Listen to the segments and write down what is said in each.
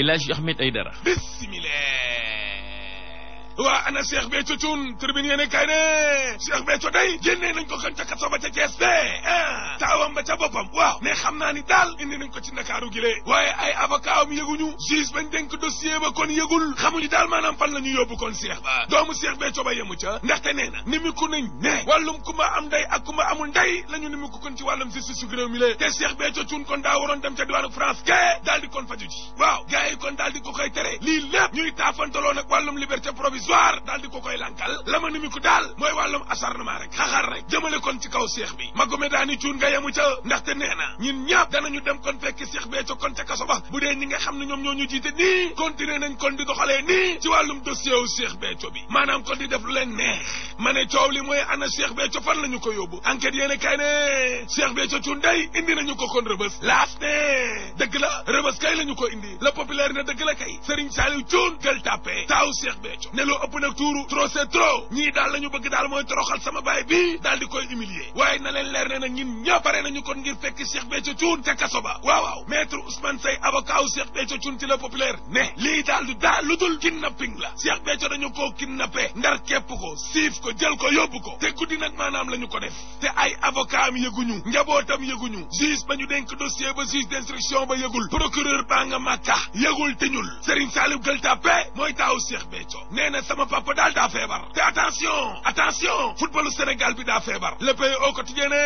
El Hadj Ahmed Aïdara. bismillah. waa ana Cheikh Béthio Thioune tribune yéene kay ne Cheikh Béthio day génnee nañ ko kan ca kaso ca Thiès de ah, ca boppam waaw ne xam naa ni daal indi nañ ko ci Ndakaaru gilee waaye ay avocat am yëguñu juge bañ dénk dossier ba kon yëgul xamuñu daal maanaam fan la ñu yóbbu kon Cheikh ba doomu Cheikh Béthio ba yemu ca ndaxte nee na ni mi ku nañ ne wàllum kumba am ndey ak kumba amul ndey la ñu ku kon ci wàllum justice su réew lee te Cheikh Béthio Thioune kon dem ca diwaanu France ke daal di kon faju ji waaw provisoire daal di ko koy lankal la ma nimiku daal mooy wàllum acharnement rek xaxar rek jëmale kon ci kaw seex bi Magomed Diagne cuun nga yemu ca ndaxte nee na ñun ñëpp danañu dem kon fekk seex bee ca kon ca kaso ba bu dee ñi nga xam ne ñoom ñoo ñu jiite nii continuer nañ kon di doxalee nii ci wàllum dossier seex Béthio bi maanaam kon di def lu leen neex ma ne coow li mooy ana seex Béthio fan la ñu ko yóbbu enquête yéene kay ne seex Béthio cuun day indi nañu ko dëgg la rëbës kay la ñu ko indi la populaire ne dëgg la kay Serigne Saliou cuun gël tàppe taaw ñoo ëpp nag tuuru trop c'est trop ñii daal la ñu bëgg daal mooy toroxal sama baay bi daal di koy humilier waaye na leen leer ne nag ñun ñëpp pare nañu kon ngir fekk Cheikh Béthio Thioune ca kaso ba waaw waaw maître Ousmane Seye avocat wu Cheikh Béthio Thioune ci le populaire ne lii daal du daal lu dul kidnapping la Cheikh Béthio dañu koo kidnappé ndar képp ko siif ko jël ko yóbbu ko te guddi nag maanaam la ñu ko def te ay avocat am yëguñu njabootam yëguñu juge ba ñu denk dossier ba juge d'instruction ba yëgul procureur baa nga màkka yëgul tiñul Serigne Saliou Gueule Tapée mooy taaw Cheikh Béthio nee sama papa daal daa feebar te attention attention footballu Sénégal bi daa feebar le pays au quotidien ne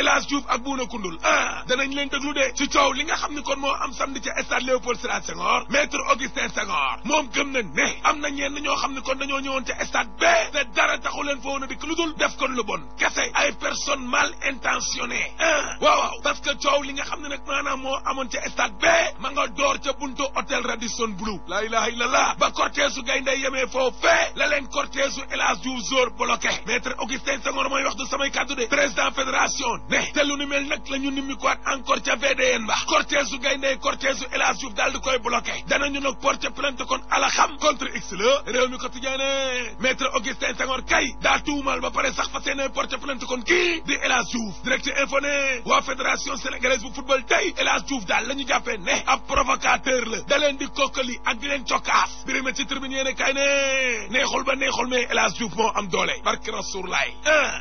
El Hadj Diouf ak Bouna Koundoul ah danañ leen déglu de ci coow li nga xam ni kon moo am samedi ca stade Léopold Sédar Senghor maître Augustin Senghor moom gëm na ne am na ñenn ñoo xam ni kon dañoo ñëwoon ca stade ba te dara taxu leen fa woon a lu dul def kon lu bon kese ay personne mal intentionnées ah waaw parce que coow li nga xam ne nag maanaam moo amoon ca stade ba ma nga door ca buntu hôtel Radisson Blu la ilaha illallah ba cortège su gaynde foofee la leen cortège El Hadj Diouf Zor bloqué maître Augustin Senghor mooy wax samay kàddu de président fédération ne te ni mel nag la ñu nimmi ko encore ca VDN ba cortège su gaynde cortège su El Hadj Diouf daal di koy bloqué danañu nag porter plainte kon ala xam contre x la réew mi quotidien ne Augustin Senghor kay daa tuumal ba pare sax fa seen porter plainte kon kii di El Hadj Diouf info ne waa fédération sénégalaise bu football tey El daal la ñu jàppee ne ab provocateur la da ak di leen cokkaas birima ci tribune yéene Mm. neexul ba neexul mais El Hadj Diouf moo am doole barke Rasuul laay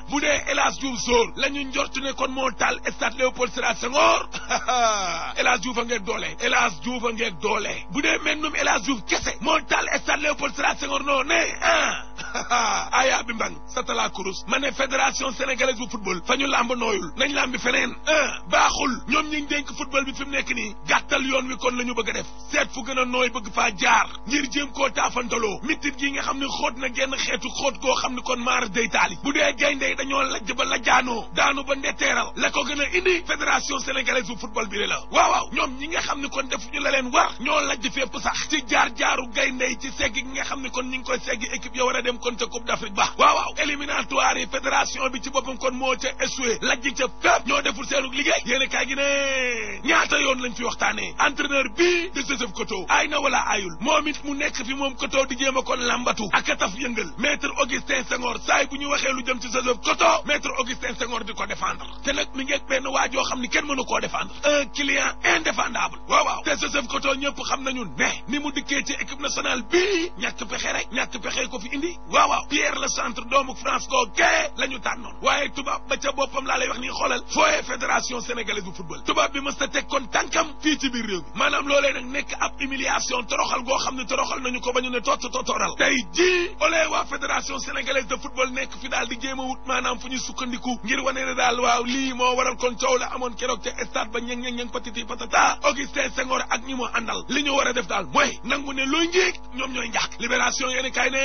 bu dee El Hadj Diouf Sow la ñu njort ne kon moo taal stade Léopold Sédar Senghor El Hadj Diouf a ngeeg doole El Hadj Diouf a ngeeg doole bu dee mennum El Hadj Diouf kese moo taal stade Léopold Sédar Senghor noo ne ah ayaa bi mbang sa tala kurus ma ne fédération sénégalaise bu football fa ñu làmb nooyul nañ làmbi feneen ah baaxul ñoom ñi ngi dénk bi fi mu nekk nii gàttal yoon wi kon la ñu bëgg a def seet fu gën a nooy bëgg fa jaar ngir jéem koo taafantaloo mitit gi nga xam ne xóot na genn xeetu xóot koo xam ne kon maar day taali bu dee gayndey dañoo lajj ba la jaanoo daanu ba ndetteeral gën a indi fédération xaalisu football bi la waaw waaw ñoom ñi nga xam ne kon defuñu la leen war ñoo lajj fépp sax ci jaar jaaru gayndey ci segg gi nga xam ne kon ñu ngi koy segg équipe ya war a dem kon ca coupe d'Afrique ba waaw waaw éliminatoire yi fédération bi ci boppam kon moo ca échoué lajj ca fépp ñoo deful seenu liggéey yéene kaay gi ne ñaata yoon lañ fi waxtaanee entraîneur bi de Joseph Koto ay na wala ayul moom it mu nekk fi moom Koto di jéem a kon lambatu ak a taf yëngal maître Augustin Senghor saay bu ñu waxee lu jëm ci Joseph Koto maître Augustin Senghor di ko défendre te nag mi ngeeg benn xam ni kenn mënu koo défendre indépendable un client indéfendable waaw waaw te Joseph Koto ñëpp xam nañu ne ni mu dikkee ci équipe nationale bii ñàkk pexe rek ñàkk pexe ko fi indi waaw waaw Pierre le centre doomu France koo gee la ñu tànnoon waaye tubaab ba ca boppam laa lay wax nii xoolal fooyee fédération sénégalaise bu football tubaab bi mës teg kon tànkam fii ci biir réew maanaam loolee nag nekk ab humiliation toroxal goo xam ne toroxal nañu ko ba ñu ne tot totooral tey ji olee waa fédération nekk fi daal di jéem wut maanaam fu ñu sukkandiku ngir wane daal waaw lii moo waral kon coow la ba ñeng ñeng ñeng patiti patata Augustin Senghor ak ñi moo àndal li ñu war a def daal mooy nangu ne luy njiig ñoom ñooy njàq libération yéen kay ne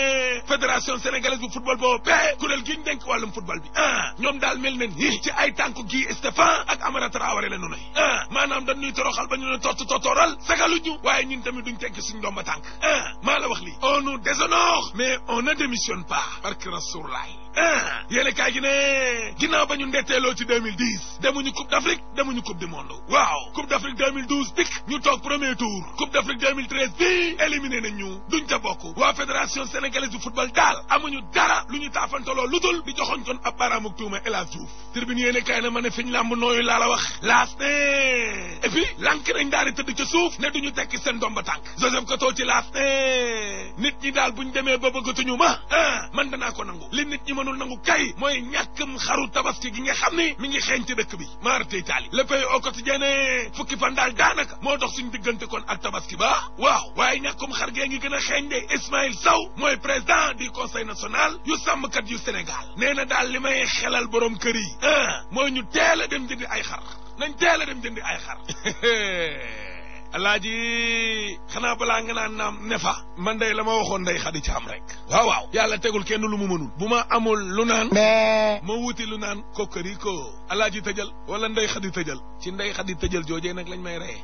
fédération sénégalaise bu football boobu bee kuréel gi ñu denk wàllum football bi ah ñoom daal mel ne nii ci ay tànk gi Stéphane ak Amara Traoré la nu ah, maanaam dañ ñuy toroxal ba ñu ne tott tottooral sagalu ñu waaye ñu tamit duñ tekk suñ doom ba ah maa la wax lii on nous déshonore mais on ne démissionne pas barke Rasuul laay ah yéene kaay gi ne ginnaaw ba ñu ndetteeloo ci 2010 demuñu coupe d'Afrique demuñu coupe du monde waaw coupe d'Afrique 2012 dik ñu toog premier tour coupe d'Afrique 2013 bi éliminé nañ ñu duñ ca bokk waa fédération sénégalaise du football daal amuñu dara lu ñu taafantaloo lu dul di joxoñ kon ab baaraamuk tuuma El Hadj Diouf tribune yéene kaay na ma ne fiñ làmb nooyu laa la wax laas ne et puis lànk nañ daal di tëdd ca suuf ne duñu tekki seen domba tànk Joseph Kato ci ñi daal buñ demee ba bëggatuñu ma ah man danaa ko mënul nangu kay mooy ñàkkam xaru tabaski gi nga xam ni mi ngi xeeñ ci dëkk bi maarte itaali le pays au quotidien ne fukki fan daal daanaka moo dox suñu diggante kon ak tabaski ba waaw waaye ñàkkum xar gee ngi gën a xeeñ de Ismaïl saw mooy président di conseil national yu sàmmkat yu Sénégal nee na daal li may xelal borom kër yi ah, mooy ñu teel a dem jëndi ay xar nañ teel a dem jëndi ay xar alaaji xanaa balaa nga naan naam nefa fa la ma waxoon day xadi caam rek waaw waaw yàlla tegul kenn lu mu mënul bu ma amul lu naan ma wuti lu naan ko alaaji tëjal wala ndey xadi tëjal ci ndey xadi tëjël joojee nag lañ may reye